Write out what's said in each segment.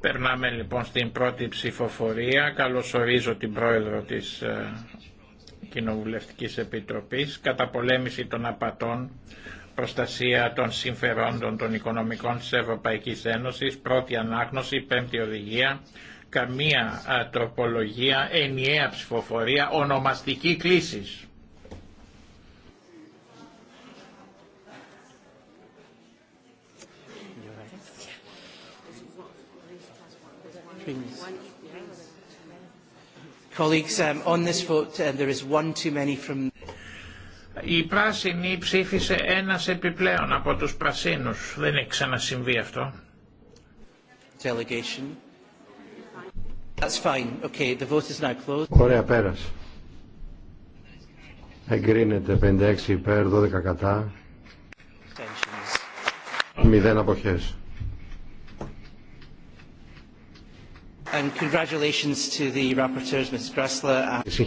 Περνάμε λοιπόν στην πρώτη ψηφοφορία. Καλωσορίζω την πρόεδρο της ε, Κοινοβουλευτικής Επιτροπής. Καταπολέμηση των απατών, προστασία των συμφερόντων των οικονομικών της Ευρωπαϊκής Ένωσης, πρώτη ανάγνωση, πέμπτη οδηγία, καμία ε, τροπολογία, ενιαία ψηφοφορία, ονομαστική κλήσης. Colleagues, um, on this vote, uh, there is one too many from... Η πράσινη ψήφισε ένας επιπλέον από τους πρασίνους. Δεν έχει ξανασυμβεί αυτό. Delegation. That's fine. Okay, the vote is now closed. Ωραία, πέρασε. Εγκρίνεται 56 υπέρ, 12 κατά. Μηδέν αποχές. And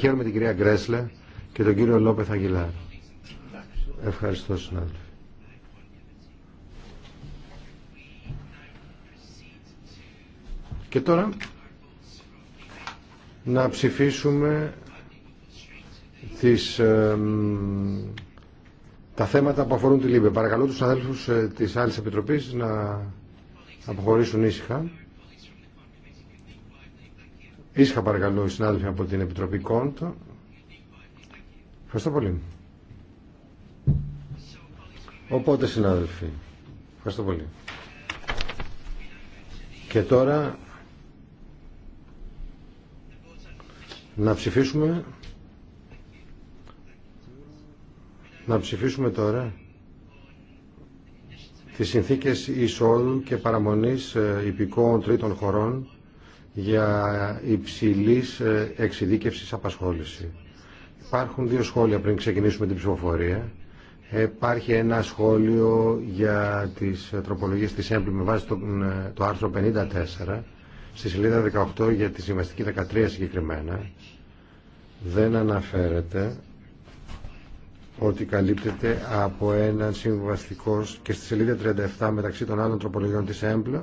την κυρία Γκρέσλε και τον κύριο Λόπεθ Αγγιλάρ. Ευχαριστώ, συνάδελφοι. Και τώρα να ψηφίσουμε τις, τα θέματα που αφορούν τη λίμπε. Παρακαλώ τους αδέλφους ε, της άλλης επιτροπής να αποχωρήσουν ήσυχα. Ίσχα παρακαλώ οι συνάδελφοι από την Επιτροπή Κόντ. Ευχαριστώ πολύ. Οπότε συνάδελφοι, ευχαριστώ πολύ. Και τώρα να ψηφίσουμε να ψηφίσουμε τώρα τις συνθήκες εισόδου και παραμονής ε, υπηκόων τρίτων χωρών για υψηλή ε, εξειδίκευση απασχόληση. Υπάρχουν δύο σχόλια πριν ξεκινήσουμε την ψηφοφορία. Υπάρχει ένα σχόλιο για τις ε, τροπολογίες της ΕΜΠΛ με βάση το, ε, άρθρο 54 στη σελίδα 18 για τη συμβαστική 13 συγκεκριμένα. Δεν αναφέρεται ότι καλύπτεται από έναν συμβαστικό και στη σελίδα 37 μεταξύ των άλλων τροπολογιών της ΕΜΠΛ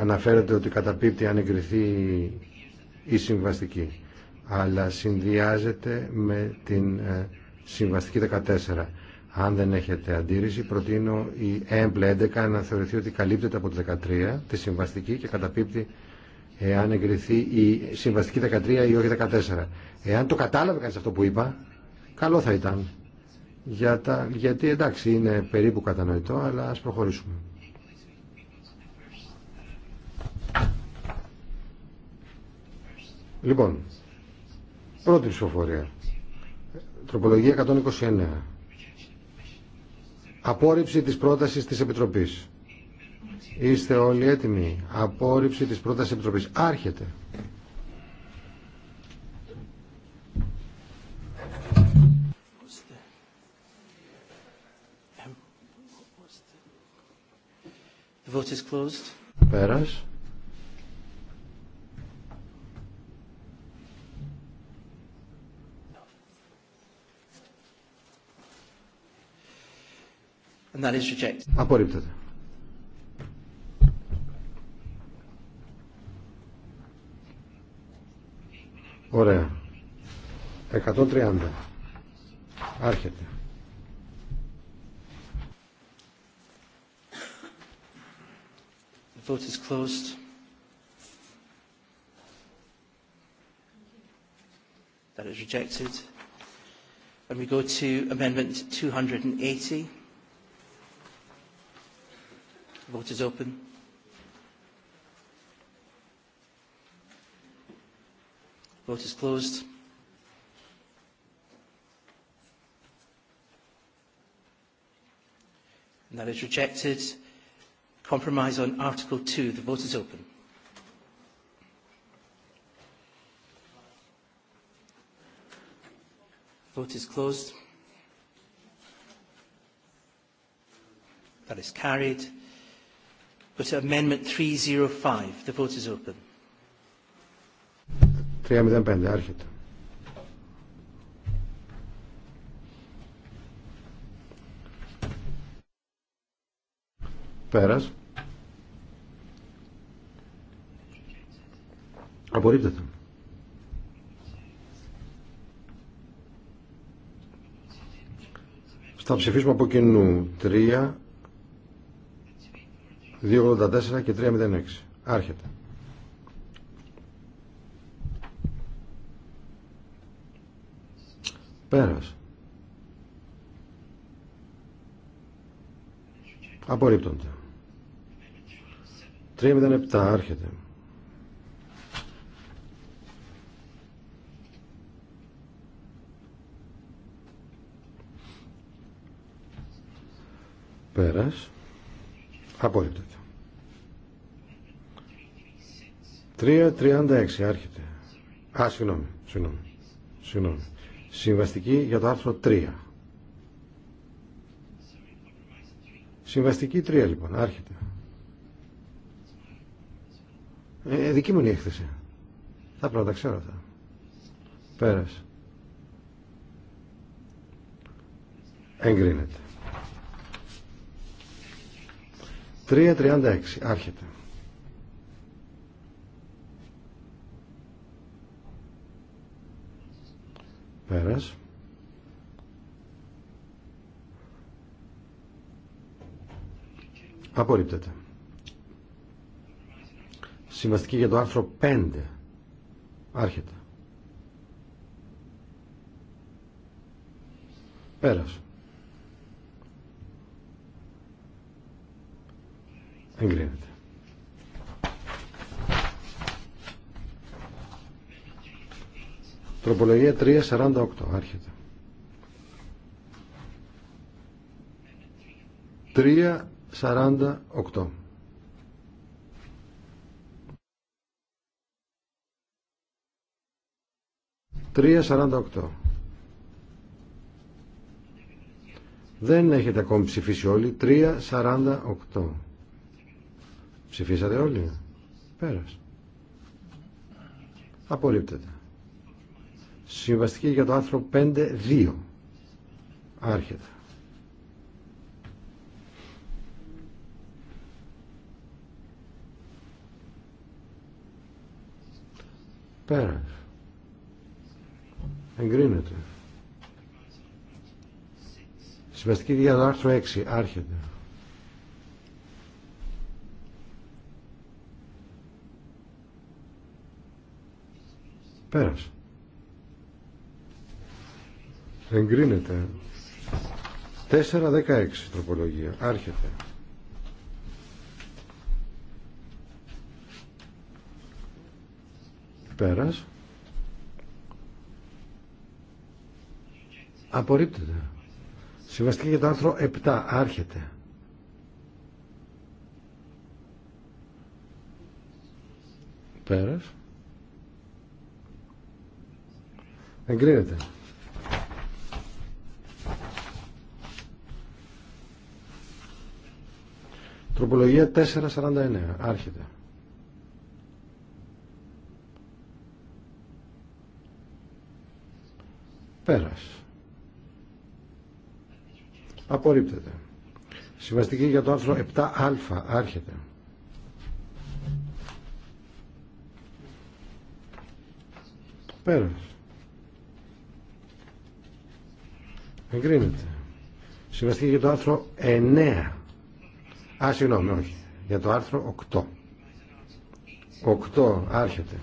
αναφέρεται ότι καταπίπτει αν εγκριθεί η συμβαστική αλλά συνδυάζεται με την ε, συμβαστική 14. Αν δεν έχετε αντίρρηση, προτείνω η έμπλε 11 να θεωρηθεί ότι καλύπτεται από τη 13, τη συμβαστική και καταπίπτει εάν εγκριθεί η συμβαστική 13 ή όχι 14. Εάν το κατάλαβε κανείς αυτό που είπα, καλό θα ήταν. Γιατί εντάξει είναι περίπου κατανοητό, αλλά ας προχωρήσουμε. Λοιπόν, πρώτη ψηφοφορία. Τροπολογία 129. Απόρριψη της πρότασης της Επιτροπής. Είστε όλοι έτοιμοι. Απόρριψη της πρότασης της Επιτροπής. Άρχεται. Πέρας. And that is rejected. Απορρίπτεται. Ωραία. 130. Άρχεται. The vote is closed. That is rejected. And we go to Amendment 280. Vote is open. Vote is closed. And that is rejected. Compromise on Article 2. The vote is open. Vote is closed. That is carried. Go to Amendment 305. The vote is open. 305. Άρχεται. Πέρας. Απορρίπτεται. Θα ψηφίσουμε από κοινού 3, 284 και 306. Άρχεται. Πέρας. Απορρίπτονται. 307 άρχεται. Πέρας. Απορρίπτεται. 3.36 άρχεται. Α, συγγνώμη, συγγνώμη, συγγνώμη. Συμβαστική για το άρθρο 3. Συμβαστική 3 λοιπόν, άρχεται. Ε, ε, δική μου είναι η έκθεση. Θα πρέπει να τα ξέρω αυτά. Πέρασε. Εγκρίνεται. 3.36 άρχεται. Πέρας. Απορρίπτεται. Συμβαστική για το άρθρο 5. Άρχεται. Πέρας. Εγκρίνεται. Τροπολογία 348. Άρχεται. 348. 348. Δεν έχετε ακόμη ψηφίσει όλοι. 348. Ψηφίσατε όλοι. Πέρας. Απορρίπτεται. Συμβαστική για το άρθρο 5.2. Άρχεται. Πέρας. Εγκρίνεται. Συμβαστική για το άρθρο 6. Άρχεται. Πέρας. Εγκρίνεται. 4-16 τροπολογία. Άρχεται. Πέρας. Απορρίπτεται. Συμβαστική για το άρθρο 7. Άρχεται. Πέρας. Εγκρίνεται. Τροπολογία 449. Άρχεται. Πέρας. Απορρίπτεται. Συμβαστική για το άρθρο 7α. Άρχεται. Πέρας. Εγκρίνεται. Συμβαστεί για το άρθρο 9. Α, συγγνώμη, όχι. Για το άρθρο 8. 8 άρχεται.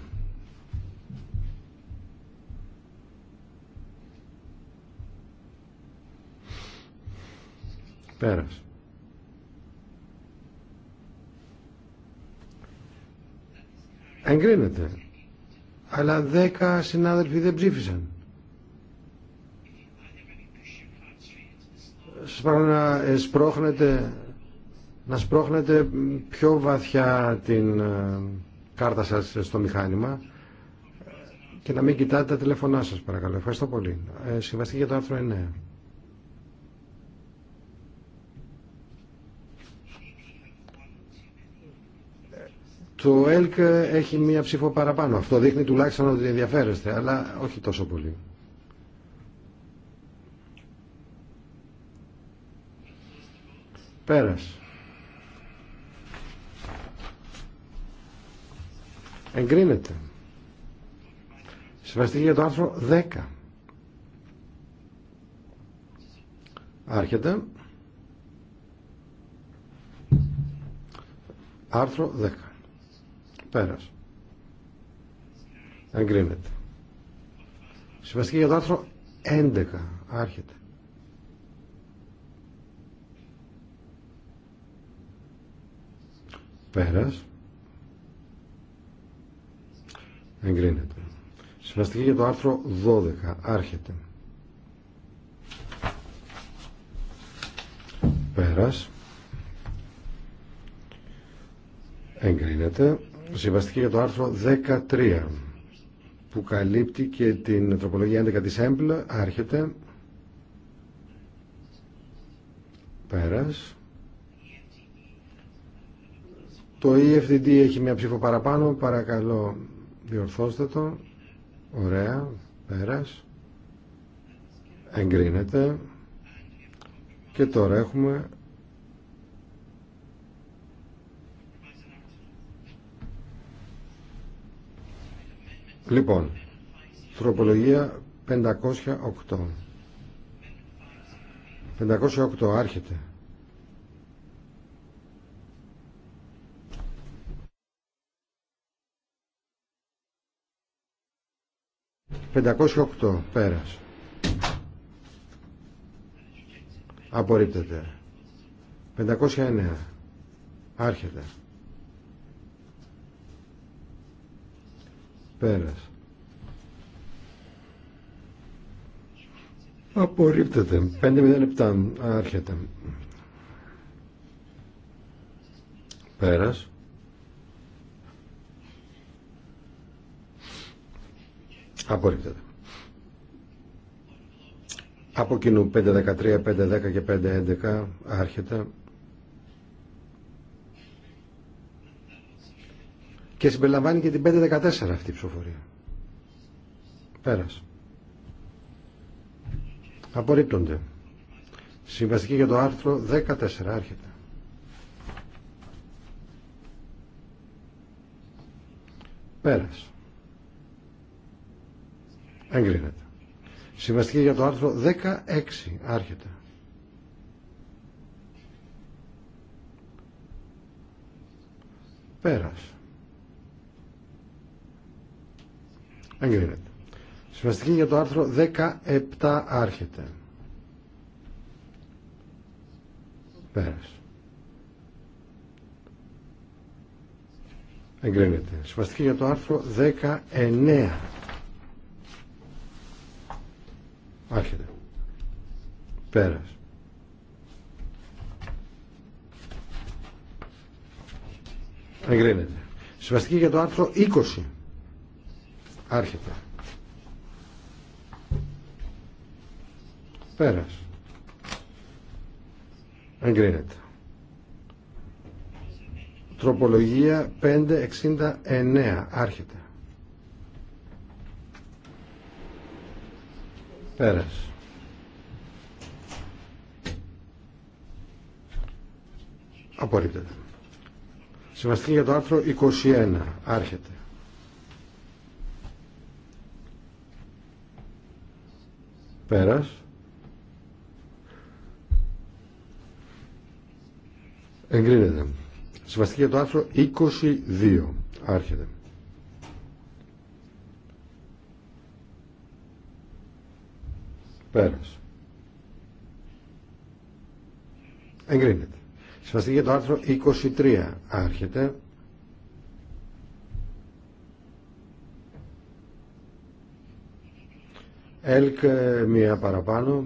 Πέρασε. Εγκρίνεται. Αλλά 10 συνάδελφοι δεν ψήφισαν. να ε, σπρώχνετε, να σπρώχνετε πιο βαθιά την ε, κάρτα σας στο μηχάνημα και να μην κοιτάτε τα τηλέφωνά σας παρακαλώ. Ευχαριστώ πολύ. Ε, για το άρθρο 9. Το ΕΛΚ έχει μία ψήφο παραπάνω. Αυτό δείχνει τουλάχιστον ότι ενδιαφέρεστε, αλλά όχι τόσο πολύ. Πέρας. Εγκρίνεται. Συμβαστική για το άρθρο 10. Άρχεται. Άρθρο 10. Πέρας. Εγκρίνεται. Συμβαστική για το άρθρο 11. Άρχεται. Πέρας. Εγκρίνεται. Συμβαστική για το άρθρο 12. Άρχεται. Πέρας. Εγκρίνεται. Συμβαστική για το άρθρο 13 που καλύπτει και την τροπολογία 11 της ΕΜΠΛΑ, άρχεται πέρας το EFTD έχει μια ψήφο παραπάνω. Παρακαλώ, διορθώστε το. Ωραία. Πέρας. Εγκρίνεται. Και τώρα έχουμε Λοιπόν, τροπολογία 508. 508 άρχεται. 508 πέρας απορρίπτεται 509 άρχεται πέρας απορρίπτεται 507 άρχεται πέρας Απορρίπτεται. Από κοινού 5.13, 5.10 και 5.11 άρχεται. Και συμπεριλαμβάνει και την 5.14 αυτή η ψηφοφορία. Πέρασε. Απορρίπτονται. Συμβαστική για το άρθρο 14 άρχεται. Πέρασε. Εγκρίνεται. Συμβαστική για το άρθρο 16 άρχεται. Πέρας. Εγκρίνεται. Συμβαστική για το άρθρο 17 άρχεται. Πέρας. Εγκρίνεται. Συμβαστική για το άρθρο 19 Άρχεται. Πέρας. Εγκρίνεται. Συμβαστική για το άρθρο 20. Άρχεται. Πέρας. Εγκρίνεται. Τροπολογία 569. Άρχεται. Πέρας. Απορρίπτεται. Συμβαστή για το άρθρο 21. Άρχεται. Πέρας. Εγκρίνεται. Συμβαστική για το άρθρο 22. Άρχεται. Πέρας. Εγκρίνεται. Σας για το άρθρο 23 άρχεται. ΕΛΚ μία παραπάνω.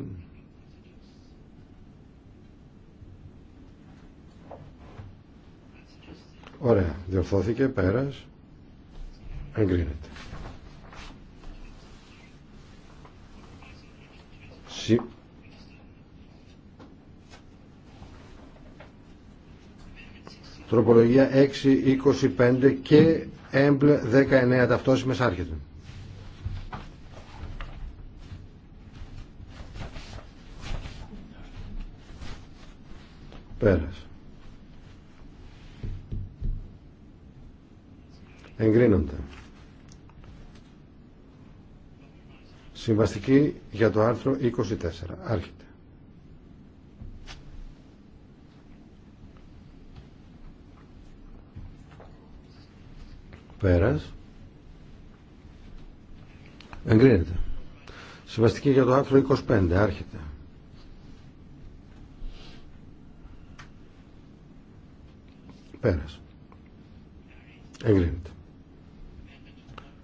Ωραία. Διορθώθηκε. Πέρας. Εγκρίνεται. τροπολογία 6, 25 και έμπλε 19 ταυτόσιμες άρχεται. Πέρας Εγκρίνονται. Συμβαστική για το άρθρο 24. Άρχεται. Πέρας. Εγκρίνεται. Συμβαστική για το άρθρο 25. Άρχεται. Πέρας. Εγκρίνεται.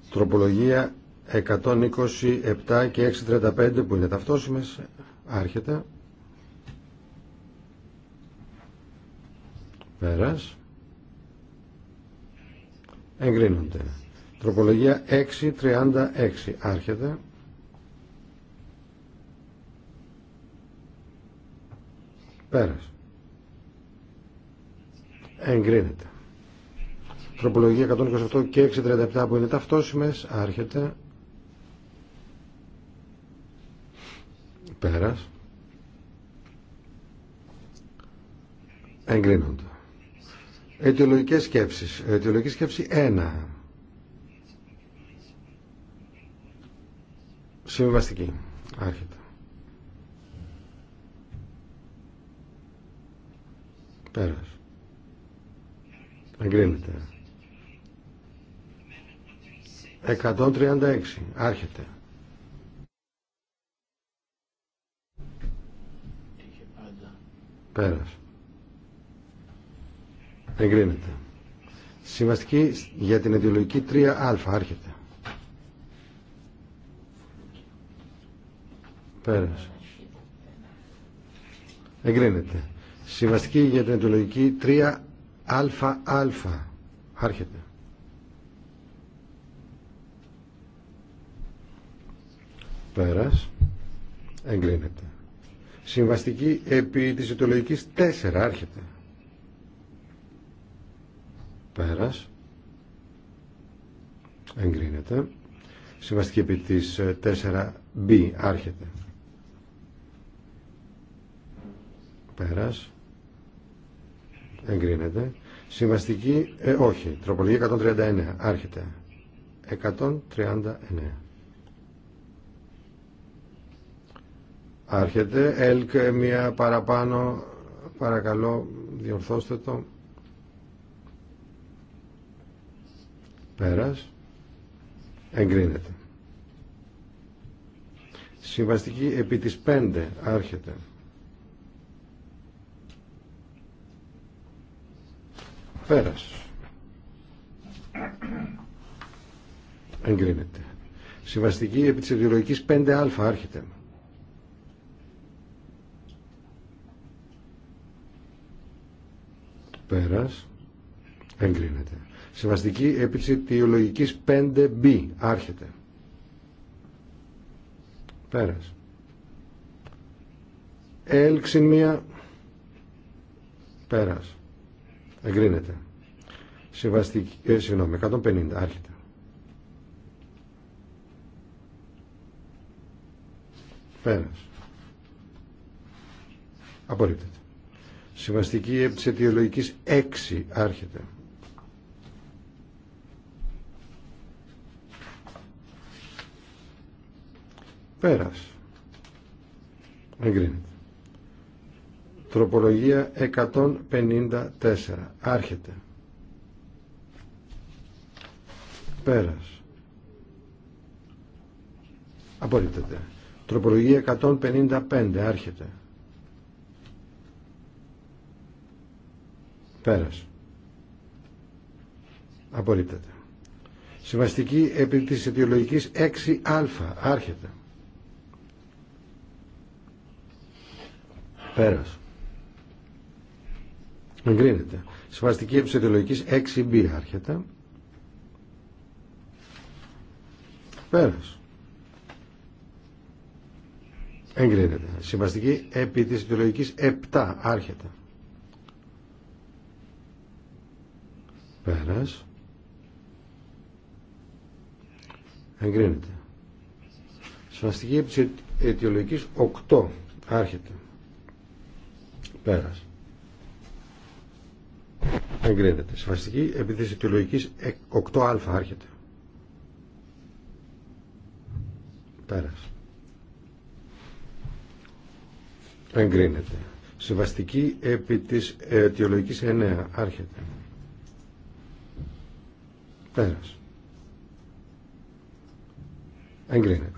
Τροπολογία 127 και 635 που είναι ταυτόσιμες άρχεται πέρας εγκρίνονται τροπολογία 636 άρχεται πέρας εγκρίνεται τροπολογία 128 και 637 που είναι ταυτόσιμες άρχεται Πέρας. Εγκρίνονται. Αιτιολογικές σκέψεις. Αιτιολογική σκέψη 1. Συμβαστική. Άρχεται. Πέρας. Εγκρίνεται. 136. Άρχεται. Πέρας. Εγκρίνεται. Συμβαστική για την αιτιολογική 3α. Άρχεται. Πέρας. Εγκρίνεται. Συμβαστική για την αιτιολογική 3αα. Άρχεται. Πέρας. Εγκρίνεται. Συμβαστική επί της ιτολογικής 4 άρχεται. Πέρας. Εγκρίνεται. Συμβαστική επί της 4B ε, άρχεται. Πέρας. Εγκρίνεται. Συμβαστική, ε, όχι, τροπολογία 139, άρχεται. 139. Άρχεται. ΕΛΚ μία παραπάνω. Παρακαλώ διορθώστε το. Πέρας. Εγκρίνεται. Συμβαστική επί της 5 άρχεται. Πέρας. Εγκρίνεται. Συμβαστική επί της 5 5α άρχεται. Πέρας. Εγκρίνεται. Συμβαστική έπιψη τιολογικής 5B. Άρχεται. Πέρας. Έλξη μία. Πέρας. Εγκρίνεται. Σεβαστική ε, συγγνώμη, 150. Άρχεται. Πέρας. Απορρίπτεται. Συμβαστική επί της αιτιολογικής 6 άρχεται. Πέρας. Εγκρίνεται. Τροπολογία 154. Άρχεται. Πέρας. Απορρίπτεται. Τροπολογία 155. Άρχεται. Πέρας. Απορρίπτεται. Συμβαστική επί της αιτιολογικής 6α. Άρχεται. Πέρας. Εγκρίνεται. Συμβαστική επί της αιτιολογικής 6b. Άρχεται. Πέρας. Εγκρίνεται. Συμβαστική επί της αιτιολογικής 7. Άρχεται. Πέρας. Εγκρίνεται. Συμβαστική της αιτιολογικής 8. Άρχεται. Πέρας. Εγκρίνεται. Συμβαστική επί αιτιολογικής 8α. Ε, Άρχεται. Πέρας. Εγκρίνεται. Συμβαστική επί της αιτιολογικής 9. Άρχεται. Πέρας. Εγκρίνεται.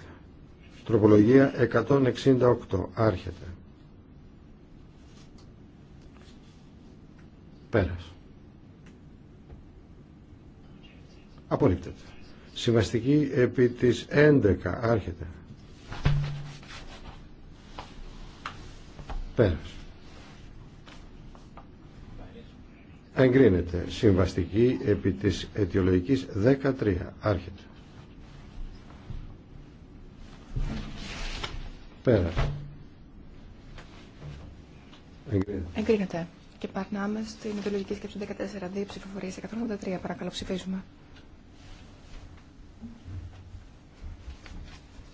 Τροπολογία 168. Άρχεται. Πέρας. Απολύπτεται. Συμβαστική επί της 11. Άρχεται. Πέρας. Εγκρίνεται. Συμβαστική επί της αιτιολογικής 13. Άρχεται. Πέρα. Εγκρίνεται. Εγκρίνεται. Και παρνάμε στην αιτιολογική σκέψη 14. Δύο ψηφοφορίε 183. Παρακαλώ ψηφίζουμε.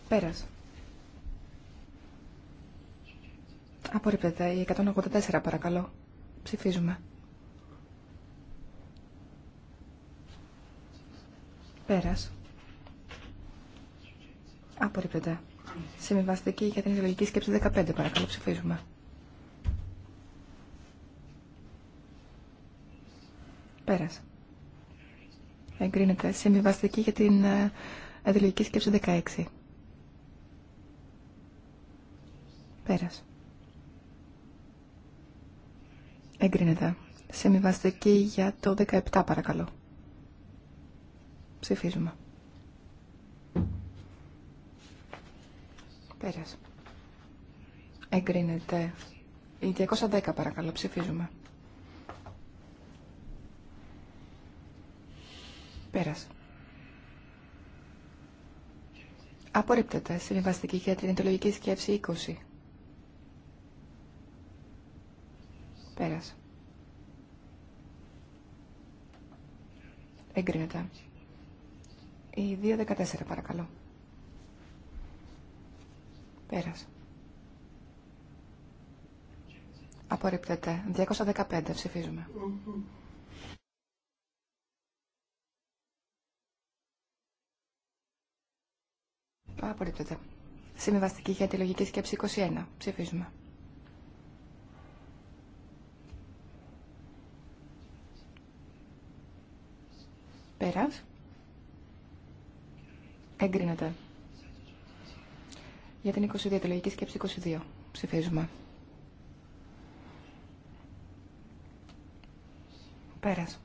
Πέρας. Απορρίπτεται. Η 184 παρακαλώ. Ψηφίζουμε. Πέρας. Απορρίπτεται. Συμβιβαστική για την ιδεολογική σκέψη 15. Παρακαλώ ψηφίζουμε. Πέρας. Εγκρίνεται. Συμβιβαστική για την ε, ιδεολογική σκέψη 16. Πέρας. Εγκρίνεται. Συμβιβαστική για το 17 παρακαλώ. Ψηφίζουμε. Πέρας. Εγκρίνεται. Η 210 παρακαλώ. Ψηφίζουμε. Πέρας. Απορρίπτεται. Συμβαστική για την σκέψη 20. Πέρας. Εγκρίνεται. Η 2.14 παρακαλώ. Πέρασε. Απορρίπτεται. 215 ψηφίζουμε. Απορρίπτεται. Συμβιβαστική για τη λογική σκέψη 21. Ψηφίζουμε. Πέρασε. Εγκρίνεται. Για την 22, τη λογική σκέψη 22. Ψηφίζουμε. Πέρας.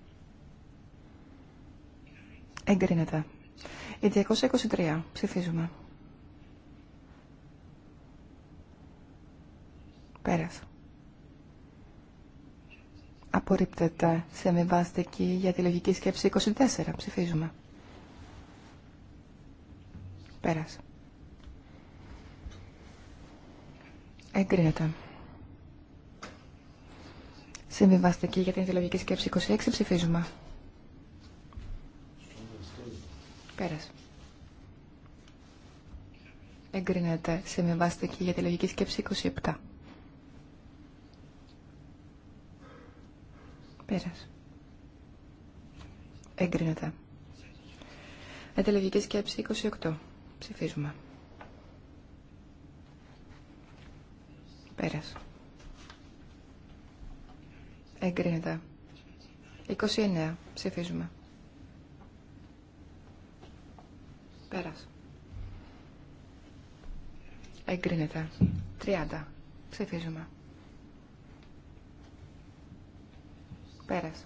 Εγκρίνεται. Η 223. Ψηφίζουμε. Πέρας. Απορρίπτεται σε και για τη λογική σκέψη 24. Ψηφίζουμε. Πέρασε. Εγκρίνεται. Συμβιβαστική για την ιδεολογική σκέψη 26 ψηφίζουμε. Πέρασε. Εγκρίνεται. Συμβιβαστική για τη λογική σκέψη 27. Πέρασε. Εγκρίνεται. Εντελεγική σκέψη 28. Ψηφίζουμε. Πέρας. Εγκρίνεται. 29. Ψηφίζουμε. Πέρας. Εγκρίνεται. 30. Ψηφίζουμε. Πέρας.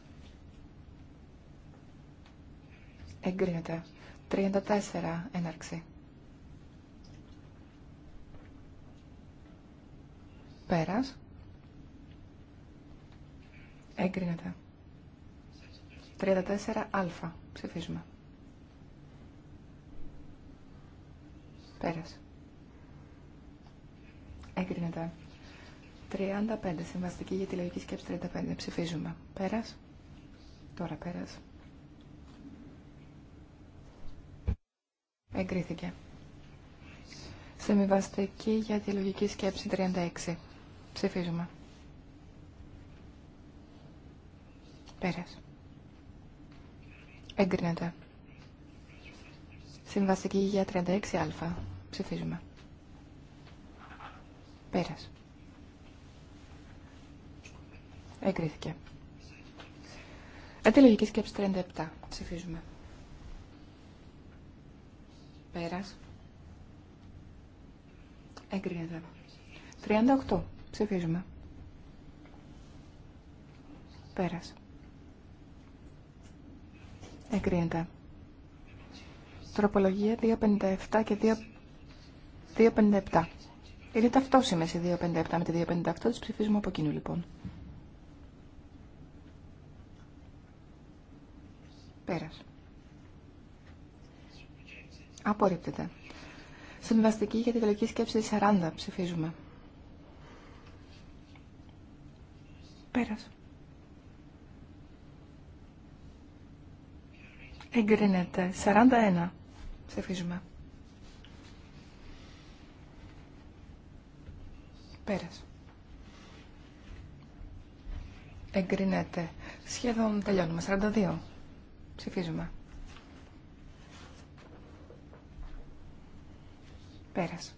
Εγκρίνεται. 34. Έναρξη. Πέρας. Έγκρινεται. 34α. Ψηφίζουμε. Πέρας. Έγκρινεται. 35. Συμβαστική για τη λογική σκέψη 35. Ψηφίζουμε. Πέρας. Τώρα πέρας. Εγκρίθηκε. Συμβαστική για τη λογική σκέψη 36. Ψηφίζουμε. Πέρας. Εγκρίνεται. Συμβαστική για 36α. Ψηφίζουμε. Πέρας. Εγκρίθηκε. Αντιλογική σκέψη 37. Ψηφίζουμε. Πέρας. Εγκρίνεται. 38. Ψηφίζουμε. Πέρας. Εγκρίνεται. Τροπολογία 257 και 2... 257. Είναι ταυτόσημε οι 257 με τη 258, Τι ψηφίζουμε από κοινού λοιπόν. Πέρας. Απορρίπτεται. Συμβαστική για τη τελική σκέψη 40 ψηφίζουμε. Πέρασε. Εγκρίνεται. 41. Ψηφίζουμε. Πέρασε. Εγκρίνεται. Σχεδόν τελειώνουμε. 42. Ψηφίζουμε. Πέρασε.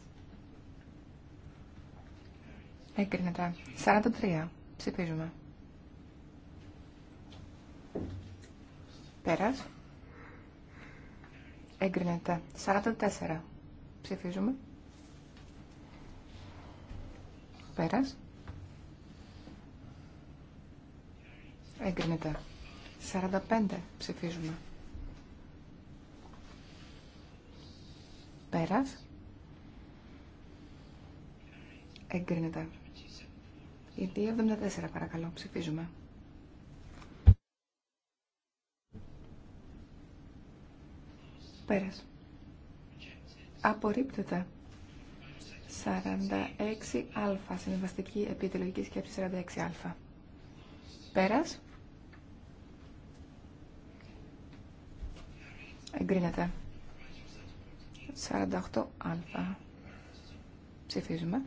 Εγκρίνεται. 43. Ψηφίζουμε. Πέρας. Εγκρίνεται. 44. Ψηφίζουμε. Πέρας. Εγκρίνεται. 45. Ψηφίζουμε. Πέρας. Εγκρίνεται. Η 74 παρακαλώ, ψηφίζουμε. Πέρας. Απορρίπτεται. 46α, συμβαστική επιτελογική σκέψη 46α. Πέρας. Εγκρίνεται. 48α. Ψηφίζουμε.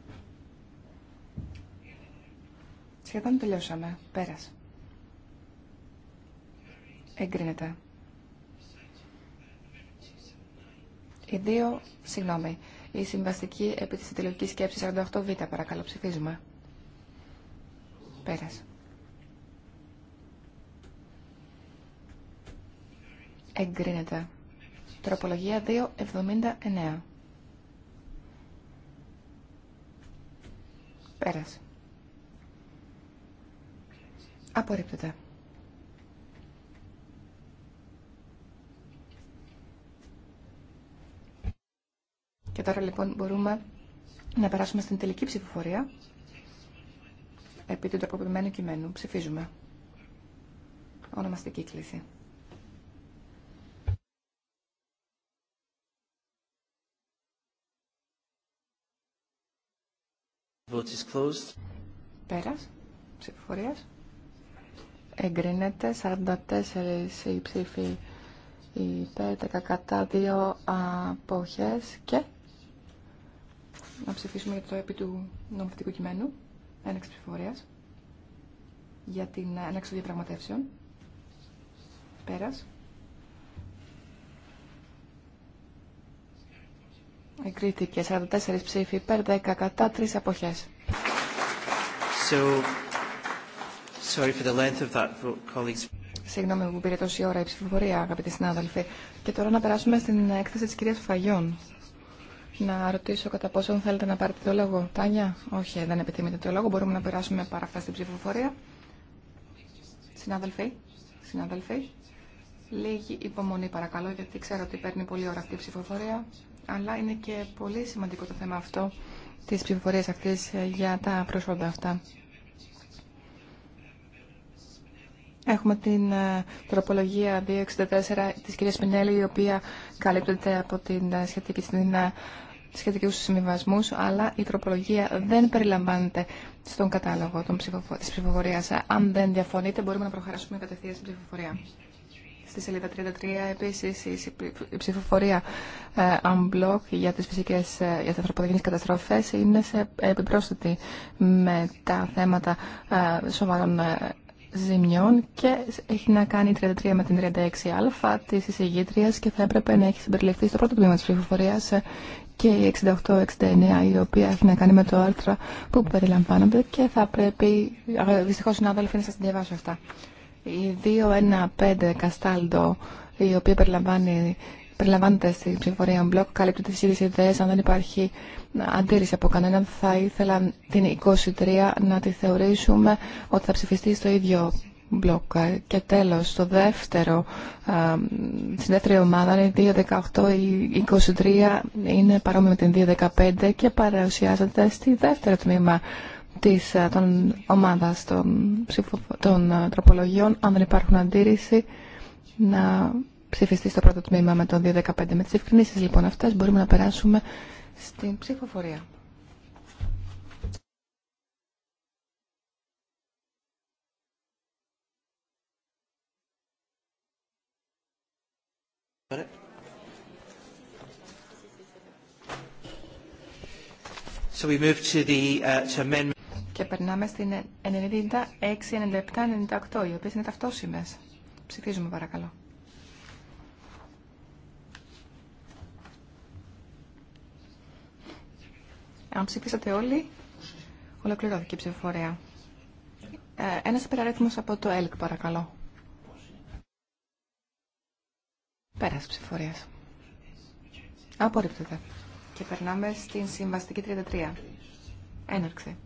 Σχεδόν τελειώσαμε. Πέρας. Εγκρίνεται. Οι δύο, συγγνώμη, η συμβαστική επί της συντελογικής σκέψης 48β, παρακαλώ ψηφίζουμε. Πέρας. Εγκρίνεται. Τροπολογία 279. Πέρας. Απορρίπτεται. Και τώρα λοιπόν μπορούμε να περάσουμε στην τελική ψηφοφορία. Επί του τροποποιημένου κειμένου ψηφίζουμε. Ονομαστική κλίση. Vote is Πέρας ψηφοφορίας εγκρίνεται 44 ψήφοι υπέρ 10 κατά 2 αποχές και να ψηφίσουμε για το επί του νομοθετικού κειμένου έναξη ψηφοφορίας για την έναξη των διαπραγματεύσεων πέρας εγκρίθηκε 44 ψήφοι υπέρ 10 κατά 3 αποχές so... Συγγνώμη που πήρε τόση ώρα η ψηφοφορία, αγαπητοί συνάδελφοι. Και τώρα να περάσουμε στην έκθεση της κυρίας Φαγιών. Να ρωτήσω κατά πόσο θέλετε να πάρετε το λόγο. Τάνια, όχι, δεν επιθυμείτε το λόγο. Μπορούμε να περάσουμε παρακάτω στην ψηφοφορία. Συνάδελφοι, συνάδελφοι, λίγη υπομονή παρακαλώ, γιατί ξέρω ότι παίρνει πολύ ώρα αυτή η ψηφοφορία, αλλά είναι και πολύ σημαντικό το θέμα αυτό τη ψηφοφορία αυτή για τα πρόσφατα αυτά. Έχουμε την ε, τροπολογία 264 της κυρίας Πινέλη, η οποία καλύπτεται από την ε, σχετική στην ε, συμβιβασμού, αλλά η τροπολογία δεν περιλαμβάνεται στον κατάλογο των ψηφοφο... της ψηφοφορίας. Αν δεν διαφωνείτε, μπορούμε να προχωρήσουμε κατευθείαν στην ψηφοφορία. Στη σελίδα 33, επίσης, η ψηφοφορία unblock για τις φυσικές, για τις καταστροφές είναι σε επιπρόσθετη με τα θέματα σοβαρών ζημιών και έχει να κάνει 33 με την 36α τη εισηγήτρια και θα έπρεπε να έχει συμπεριληφθεί στο πρώτο τμήμα τη ψηφοφορία και η 68-69 η οποία έχει να κάνει με το άρθρο που περιλαμβάνονται και θα πρέπει, δυστυχώ συνάδελφοι, να σα διαβάσω αυτά. Η 215 Καστάλντο, η οποία περιλαμβάνεται στην ψηφοφορία μπλοκ, καλύπτει τι ίδιε ιδέε αν δεν υπάρχει αντίρρηση από κανέναν, θα ήθελα την 23 να τη θεωρήσουμε ότι θα ψηφιστεί στο ίδιο μπλοκ. Και τέλος, στο δεύτερο, στην δεύτερη ομάδα είναι η 2.18, η 23 είναι παρόμοια με την 2.15 και παρουσιάζεται στη δεύτερη τμήμα της, των ομάδας των, ψηφο, των τροπολογιών. Αν δεν υπάρχουν αντίρρηση, να ψηφιστεί στο πρώτο τμήμα με τον 2.15. Με τις ευκρινήσεις λοιπόν αυτές μπορούμε να περάσουμε στην ψηφοφορία. Uh, Και περνάμε στην 96, 97, 98, οι οποίε είναι ταυτόσιμε. Ψηφίζουμε παρακαλώ. Αν ψηφίσατε όλοι, ολοκληρώθηκε η ψηφοφορία. Ε, ένας από το ΕΛΚ, παρακαλώ. Πέρας ψηφοφορίας. Απορρίπτεται. Και περνάμε στην συμβαστική 33. Έναρξη.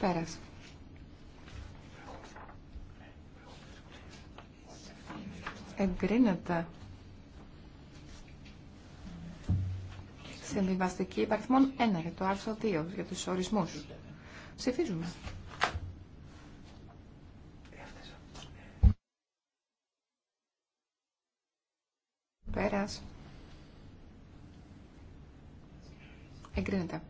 Πέρας. εγκρίνεται. Συμβιβαστική υπαριθμών 1 για το άρθρο 2, για τους ορισμούς. Ψηφίζουμε. Πέρας. Εγκρίνεται.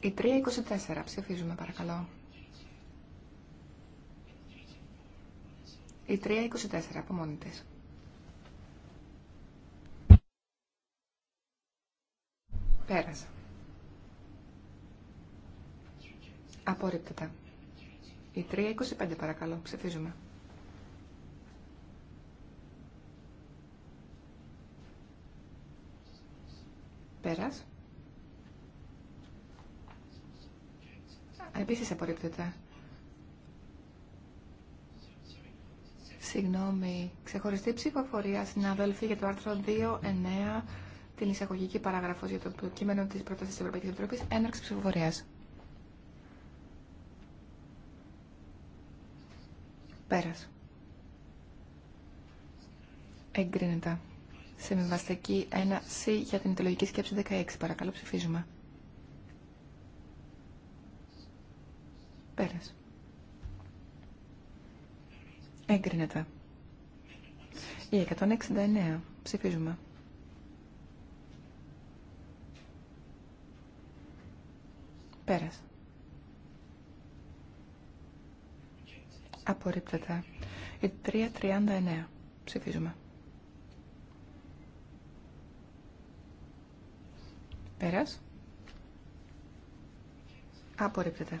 Η 324. Ψηφίζουμε παρακαλώ. Η 324 από μόνη της. Πέρασα. Απορρίπτεται. Η 325 παρακαλώ. Ψηφίζουμε. Πέρας. Επίσης απορρίπτεται. Συγγνώμη, ξεχωριστή ψηφοφορία, συνάδελφοι, για το άρθρο 2.9, την εισαγωγική παράγραφος για το κείμενο της πρότασης της Ευρωπαϊκής Επιτροπής, έναρξη ψηφοφορίας. Πέρας. Εγκρίνεται. Συμβιβαστική 1C για την ιδεολογική σκέψη 16. Παρακαλώ ψηφίζουμε. Πέρας. Εγκρίνεται. Η 169. Ψηφίζουμε. Πέρας. Απορρίπτεται. Η 339. Ψηφίζουμε. Πέρας. Απορρίπτεται.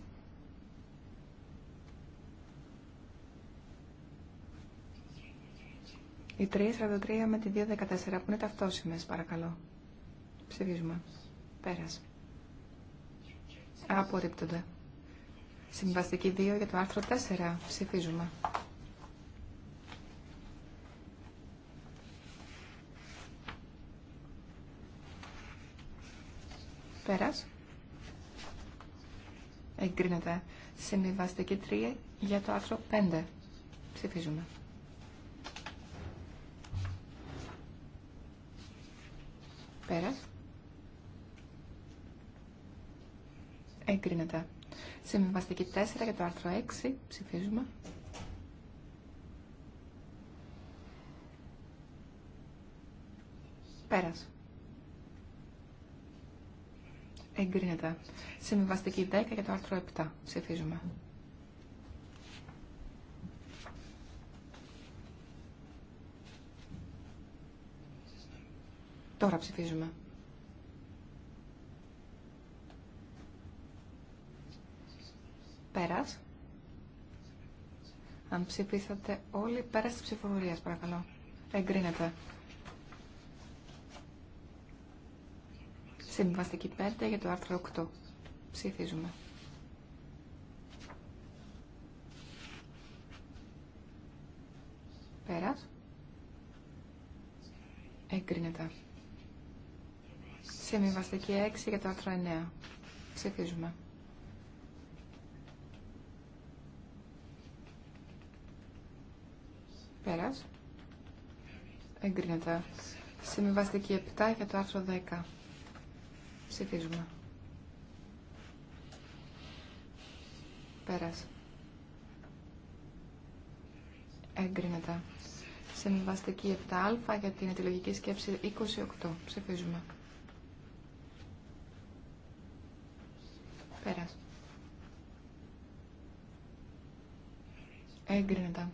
Η 343 με τη 214 που είναι ταυτόσιμες, παρακαλώ. Ψηφίζουμε. Πέρασε. Απορρίπτονται. Συμβαστική 2 για το άρθρο 4. Ψηφίζουμε. Πέρας. Εγκρίνεται. Συμβιβαστική 3 για το άρθρο 5. Ψηφίζουμε. Πέρας. Εγκρίνεται. Συμβαστική 4 για το άρθρο 6. Ψηφίζουμε. Πέρας. Εγκρίνεται. Συμβαστική 10 για το άρθρο 7. Ψηφίζουμε. Τώρα ψηφίζουμε. Πέρας. Αν ψηφίσατε όλοι, πέρας της ψηφοφορίας, παρακαλώ. Εγκρίνεται. Συμβαστική 5 για το άρθρο 8. Ψηφίζουμε. Πέρας. Εγκρίνεται. Συμβιβαστική 6 για το άρθρο 9. Ψηφίζουμε. Πέρας. Εγκρίνεται. Σεμιβαστική 7 για το άρθρο 10. Ψηφίζουμε. Πέρας. Εγκρίνεται. Συμβιβαστική 7α για την αιτιολογική σκέψη 28. Ψηφίζουμε. Πέρας. Έγκρινεται.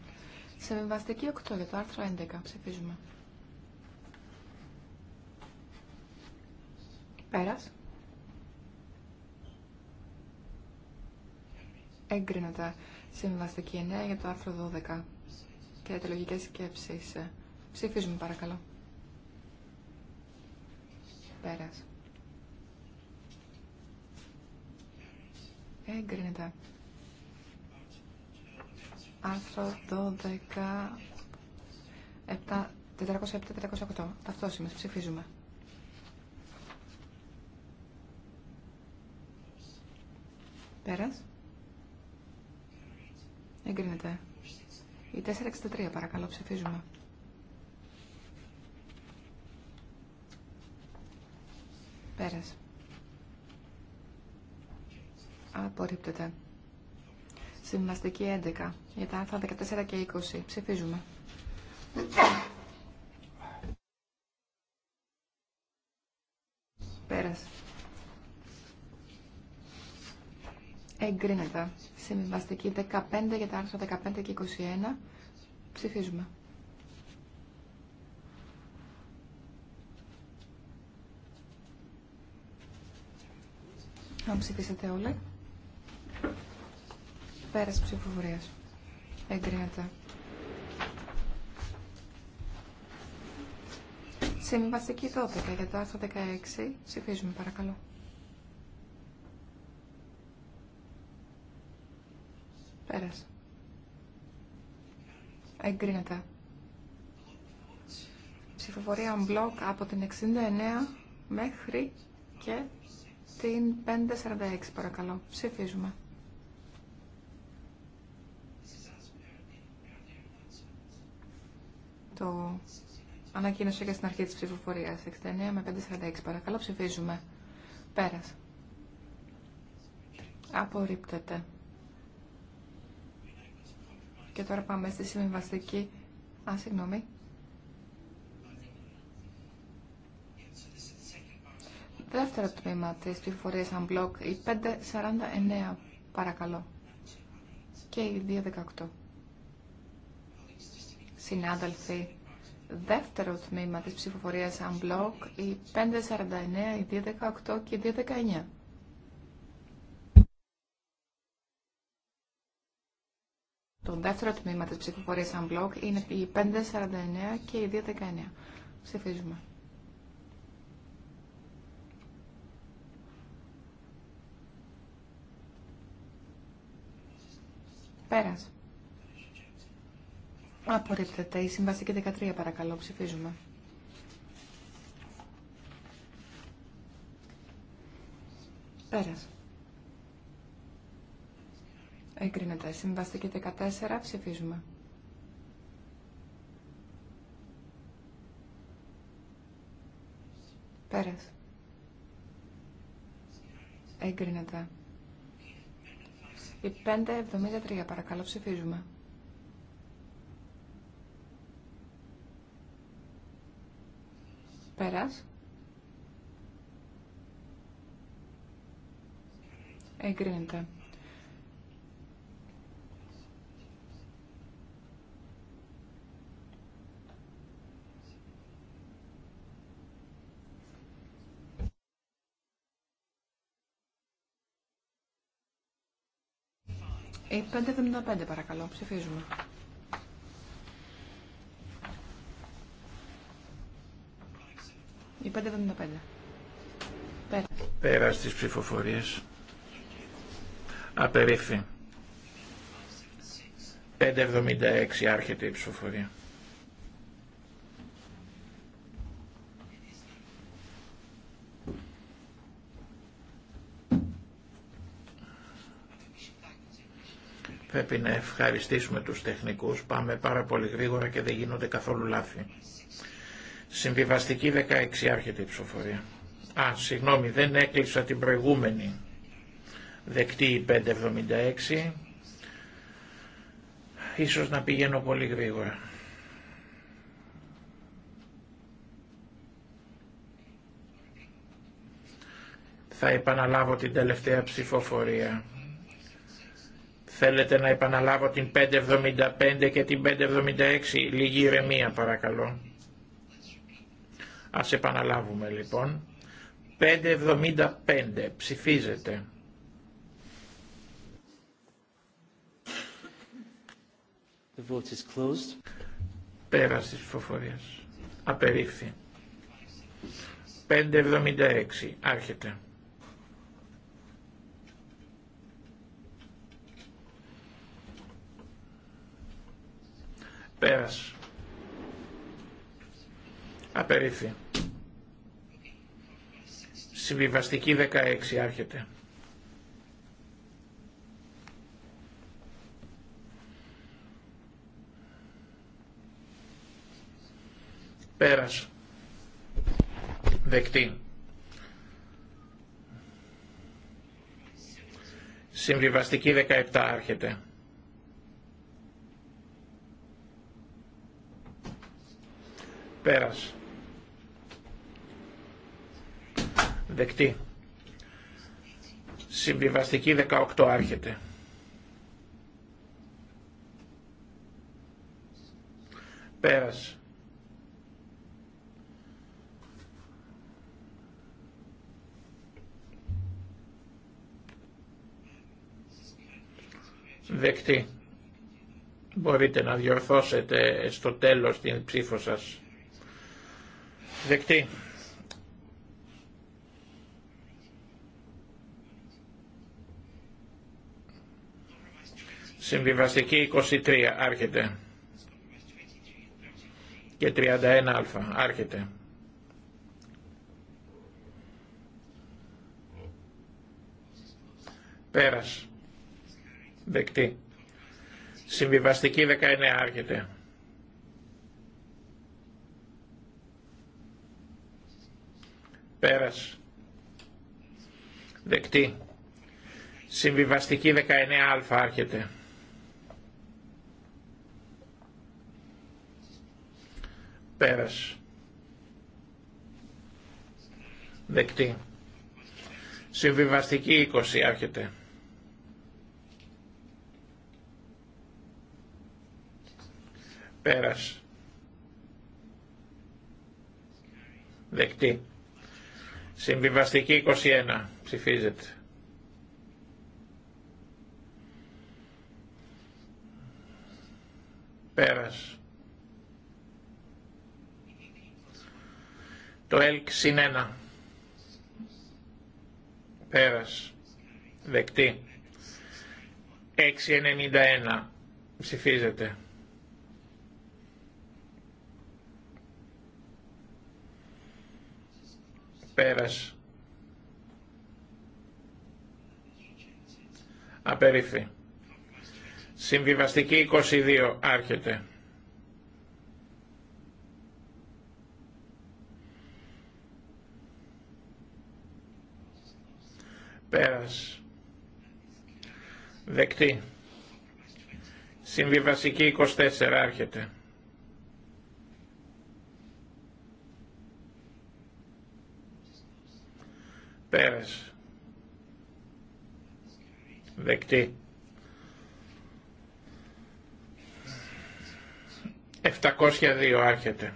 Σε βεβαστική 8 για το άρθρο 11 ψηφίζουμε. Πέρας. Έγκρινεται. Συμβαστική 9 για το άρθρο 12 και λογικές σκέψεις. Ψηφίζουμε παρακαλώ. Πέρας. Εγκρίνεται. Άρθρο 12. 7, 407-408. Ταυτόσημες. Ψηφίζουμε. Πέρας. Εγκρίνεται. Η 463 παρακαλώ ψηφίζουμε. Πέρας απορρίπτεται. Συμβαστική 11 για τα άρθρα 14 και 20. Ψηφίζουμε. Πέρας. Εγκρίνεται. Συμβαστική 15 για τα άρθρα 15 και 21. Ψηφίζουμε. Αν ψηφίσετε όλοι. Πέρας ψηφοφορία. Εγκρίνεται. Συμβαστική 12 για το άρθρο 16. Ψηφίζουμε παρακαλώ. Πέρασε. Εγκρίνεται. Ψηφοφορία μπλοκ από την 69 μέχρι και την 546 παρακαλώ. Ψηφίζουμε. Το ανακοίνωσε και στην αρχή της ψηφοφορίας. 69 με 546. Παρακαλώ ψηφίζουμε. Πέρας. Απορρίπτεται. Και τώρα πάμε στη συμβιβαστική... Α, συγγνώμη. Δεύτερο τμήμα της ψηφοφορίας Unblock, η 549. Παρακαλώ. Και η 218 συνάδελφοι. Δεύτερο τμήμα της ψηφοφορίας Unblock, η 549, η 218 και η 219. Το δεύτερο τμήμα της ψηφοφορίας Unblock είναι η 549 και η 219. Ψηφίζουμε. Πέρασε. Απορρίπτεται. Η συμβαστική 13 παρακαλώ. Ψηφίζουμε. Πέρας. Εγκρίνεται. Συμβαστική 14. Ψηφίζουμε. Πέρας. Εγκρίνεται. Η 573 παρακαλώ ψηφίζουμε. Πέρας. Εγκρίνεται. Η ε, 575 παρακαλώ, ψηφίζουμε. Η 575. Πέρα. Πέρα στις ψηφοφορίες. 576 άρχεται η ψηφοφορία. Πρέπει να ευχαριστήσουμε τους τεχνικούς. Πάμε πάρα πολύ γρήγορα και δεν γίνονται καθόλου λάθη. Συμβιβαστική 16 άρχεται η ψηφοφορία. Α, συγγνώμη, δεν έκλεισα την προηγούμενη. Δεκτή η 576. Ίσως να πηγαίνω πολύ γρήγορα. Θα επαναλάβω την τελευταία ψηφοφορία. Θέλετε να επαναλάβω την 575 και την 576. Λίγη ηρεμία παρακαλώ. Ας επαναλάβουμε λοιπόν. 575 ψηφίζεται. The vote is closed. Πέρας της ψηφοφορίες. Απερίφθη. 576. Άρχεται. Πέρας. Απερίφθη. Συμβιβαστική 16 άρχεται. Πέρας. Δεκτή. Συμβιβαστική 17 άρχεται. Πέρας. Δεκτή. Συμβιβαστική 18 άρχεται. Πέρας. Δεκτή. Μπορείτε να διορθώσετε στο τέλος την ψήφο σας. Δεκτή. Συμβιβαστική 23 άρχεται. Και 31α άρχεται. Πέρας. Δεκτή. Συμβιβαστική 19 άρχεται. Πέρας. Δεκτή. Συμβιβαστική 19α άρχεται. Πέρας. Δεκτή. Συμβιβαστική 20 άρχεται. Πέρας. Δεκτή. Συμβιβαστική 21 ψηφίζεται. Πέρας. Το ΕΛΚ συνένα, Πέρας. Δεκτή. 691. Ψηφίζεται. Πέρας. Απερίφη. Συμβιβαστική 22 άρχεται. πέρας. Δεκτή. Συμβιβασική 24 άρχεται. Πέρας. Δεκτή. δύο άρχεται.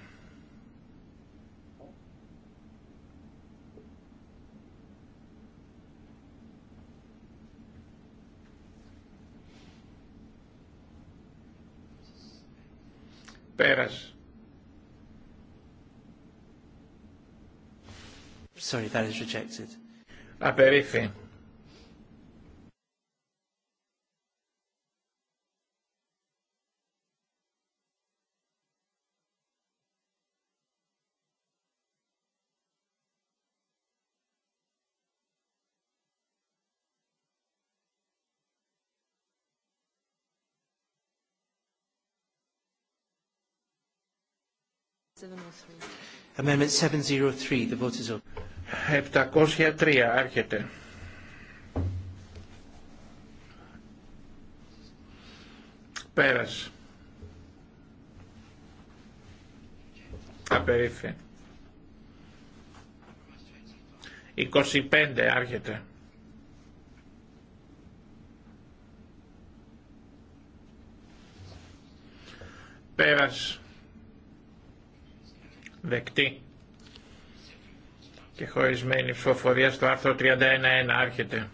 Πέρας. Sorry, that is rejected. Απερίφη. Amendment 703. The vote is open. 703. Άρχεται. Πέρας. Απερίφθη. 25. Άρχεται. Πέρας. Δεκτή. Και χωρισμένη ψηφοφορία στο άρθρο 31.1 άρχεται.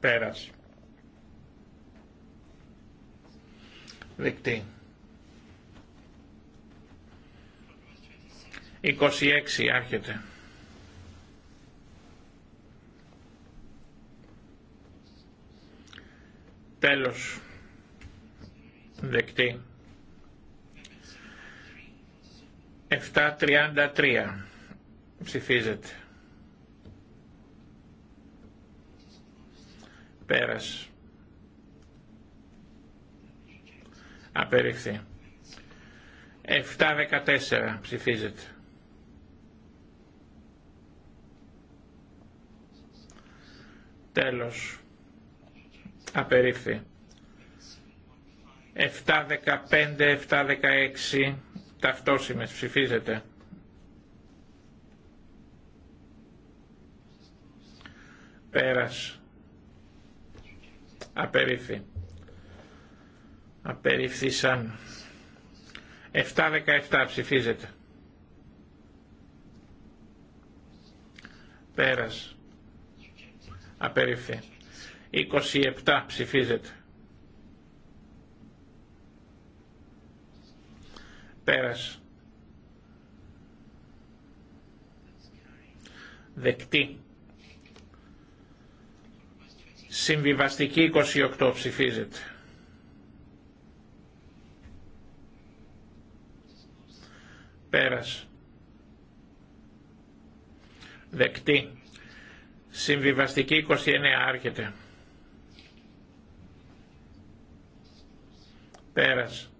Πέρας. Δεκτή. 26 άρχεται. Τέλος. Δεκτή. 7.33 ψηφίζεται. Πέρας. Απεριφθεί. 7.14 ψηφίζεται. Τέλος. Απερίφθη. 715, 716 ταυτόσημες Πέρας. Πέρας. Απερίφθη. Απερίφθησαν. 717 ψηφίζεται. Πέρας. Απερίφθη. 27 ψηφίζεται. Πέρας. Δεκτή. Συμβιβαστική 28 ψηφίζεται. Πέρας. Δεκτή. Συμβιβαστική 29 άρχεται. Πέρας.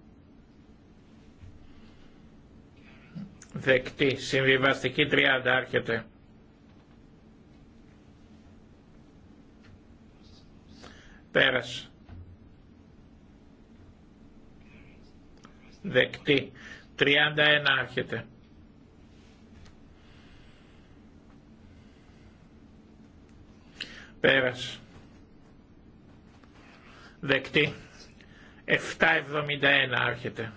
Δεκτή. Συμβιβαστική 30 άρχεται. Πέρας. Δεκτή. 31 άρχεται. Πέρας. Δεκτή. 771 άρχεται.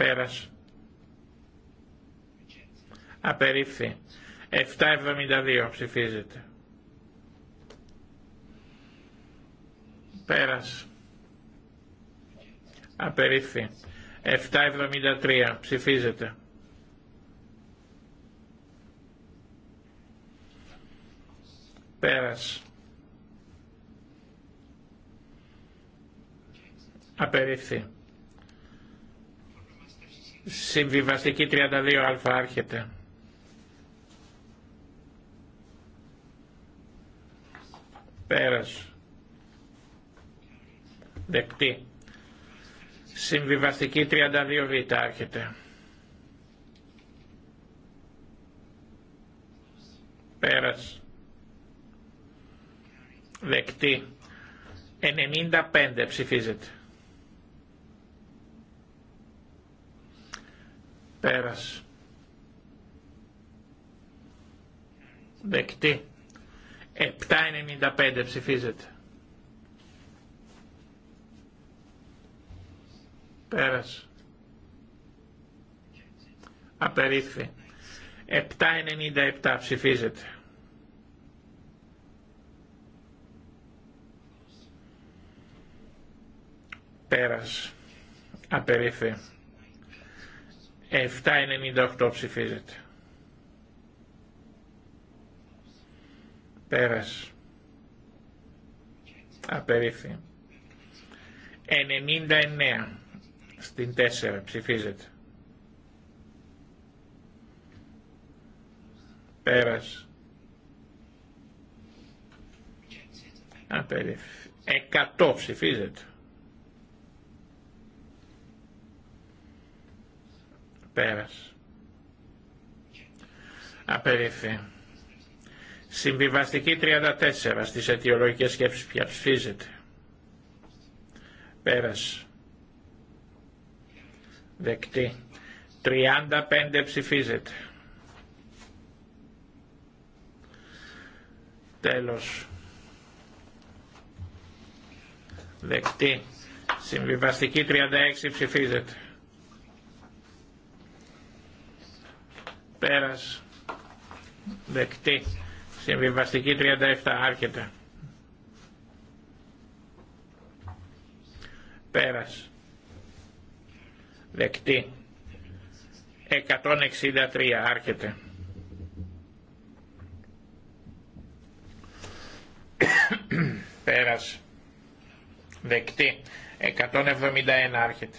Πέρας. Απερίφθη. 772 ψηφίζεται. Πέρας. Απερίφθη. 773 ψηφίζεται. Πέρας. Απερίφθη. Συμβιβαστική 32α άρχεται. Πέρας. Δεκτή. Συμβιβαστική 32β άρχεται. Πέρας. Δεκτή. 95 ψηφίζεται. Πέρας. Δεκτή. 7.95 ψηφίζεται. Πέρας. Απερίφθη. 7.97 ψηφίζεται. Πέρας. Απερίφθη. 798 ψηφίζεται. Πέρας. Απερίφθη. 99 στην 4 ψηφίζεται. Πέρας. Απερίφθη. 100 ψηφίζεται. πέρας. Συμβιβαστική 34 στις αιτιολογικές σκέψεις πια ψηφίζεται. Πέρας. Δεκτή. 35 ψηφίζεται. Τέλος. Δεκτή. Συμβιβαστική 36 ψηφίζεται. Πέρας. Δεκτή. Συμβιβαστική 37. Άρχεται. Πέρας. Δεκτή. 163. Άρχεται. Πέρας. Δεκτή. 171. Άρχεται.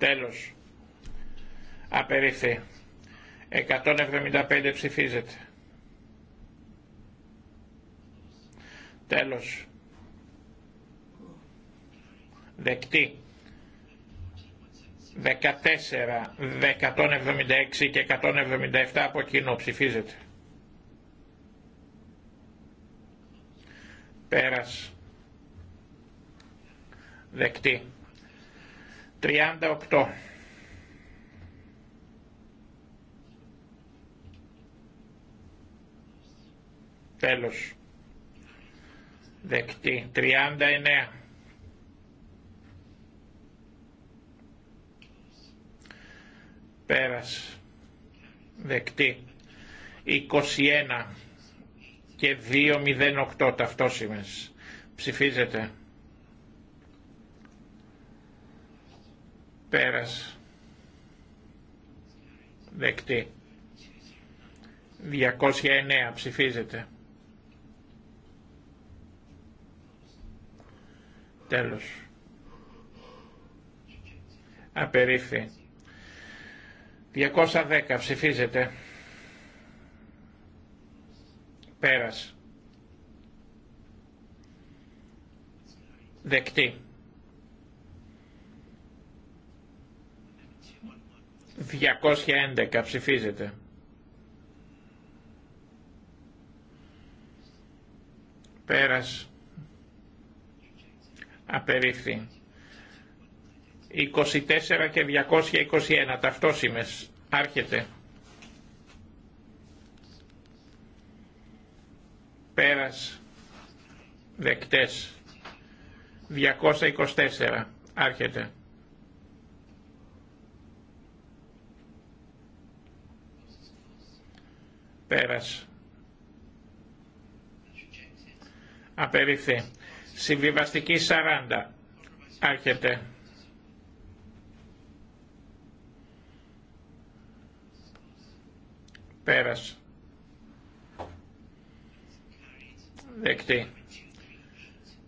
Τέλος. Απερίφθη. 175 ψηφίζεται. Τέλος. Δεκτή. 14, 176 και 177 από κοινό ψηφίζεται. Πέρας. Δεκτή. 38. Τέλος. Δεκτή. 39. Πέρας. Δεκτή. 21 και 208 ταυτόσημες. Ψηφίζεται. Πέρας. Δεκτή. 209 ψηφίζεται. Τέλος. Απερίφθη. 210 ψηφίζεται. Πέρας. Δεκτή. 211 ψηφίζεται. Πέρας. Απερίφθη. 24 και 221 ταυτόσημες. Άρχεται. Πέρας. Δεκτές. 224. Άρχεται. Πέρας. Απερίφθη. Συμβιβαστική 40. Άρχεται. Πέρας. Δεκτή.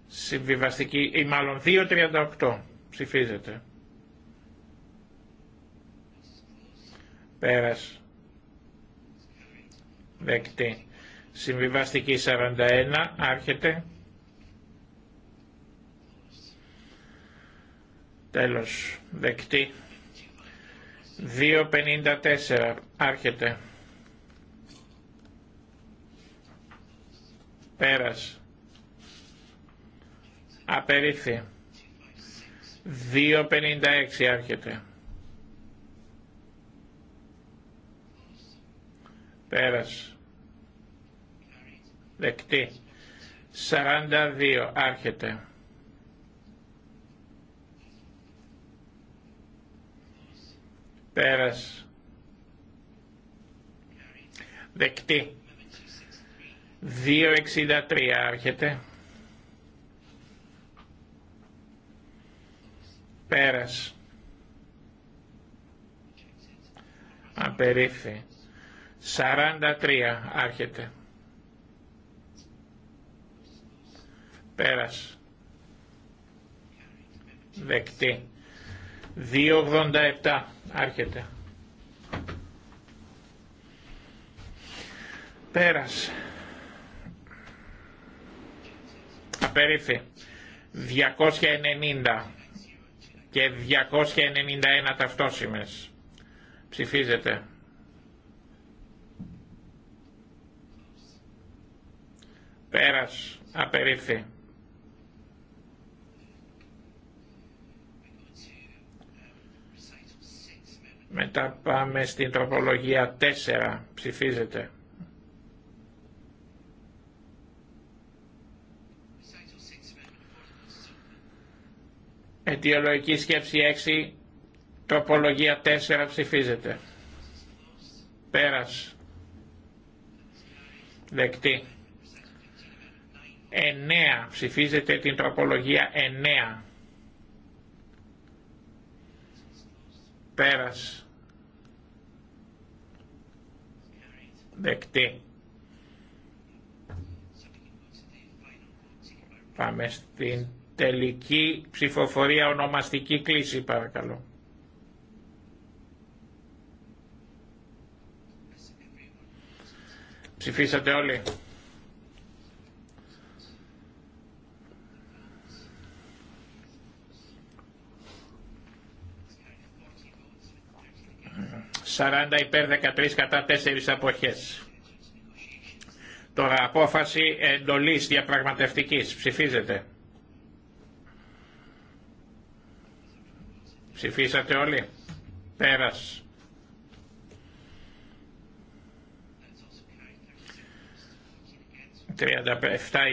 Συμβιβαστική, ή μάλλον 2.38 ψηφίζεται. Πέρας. Δεκτή. Συμβιβαστική 41. Άρχεται. Τέλος. Δεκτή. 2.54. Άρχεται. Πέρας. Απερίφθη. 2.56 άρχεται. Πέρας. Δεκτή. 42. Άρχεται. Πέρας. Δεκτή. 2.63 άρχεται. Πέρας. Απερίφθη. 43 άρχεται. Πέρας. Δεκτή. 2.87. Άρχεται. Πέρας. Απερίφη. 290 και 291 ταυτόσημες. Ψηφίζεται. Πέρας. Απερίφη. Μετά πάμε στην τροπολογία 4. Ψηφίζεται. Αιτιολογική σκέψη 6. Τροπολογία 4. Ψηφίζεται. Πέρας. Δεκτή. 9. Ψηφίζεται την τροπολογία 9. Πέρας. Δεκτή. Πάμε στην τελική ψηφοφορία ονομαστική κλίση παρακαλώ. Ψηφίσατε όλοι. 40 υπέρ 13 κατά 4 αποχές. Τώρα απόφαση εντολής διαπραγματευτικής. Ψηφίζεται. Ψηφίσατε όλοι. Πέρας. «37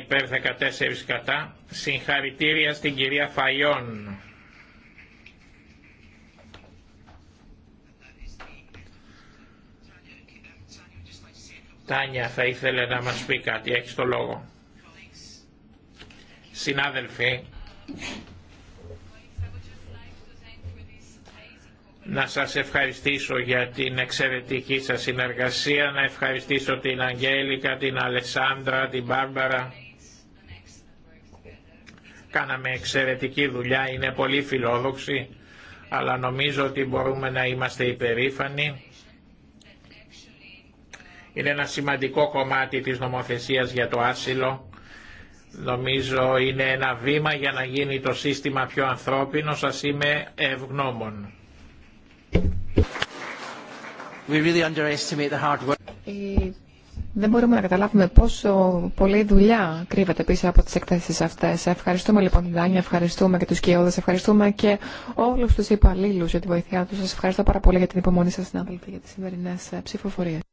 υπέρ 14 κατά. Συγχαρητήρια στην κυρία Φαϊόν. Τάνια θα ήθελε να μας πει κάτι, έχεις το λόγο. Συνάδελφοι, να σας ευχαριστήσω για την εξαιρετική σας συνεργασία, να ευχαριστήσω την Αγγέλικα, την Αλεσάνδρα, την Μπάρμπαρα. Κάναμε εξαιρετική δουλειά, είναι πολύ φιλόδοξη, αλλά νομίζω ότι μπορούμε να είμαστε υπερήφανοι είναι ένα σημαντικό κομμάτι της νομοθεσίας για το άσυλο. Νομίζω είναι ένα βήμα για να γίνει το σύστημα πιο ανθρώπινο. Σας είμαι ευγνώμων. Ε, δεν μπορούμε να καταλάβουμε πόσο πολλή δουλειά κρύβεται πίσω από τις εκθέσεις αυτές. Ευχαριστούμε λοιπόν την Δάνια, ευχαριστούμε και τους Κιώδες, ευχαριστούμε και όλους τους υπαλλήλους για τη βοήθειά τους. Σας ευχαριστώ πάρα πολύ για την υπομονή σας, συνάδελφοι, για τις σημερινές ε, ψηφοφορίες.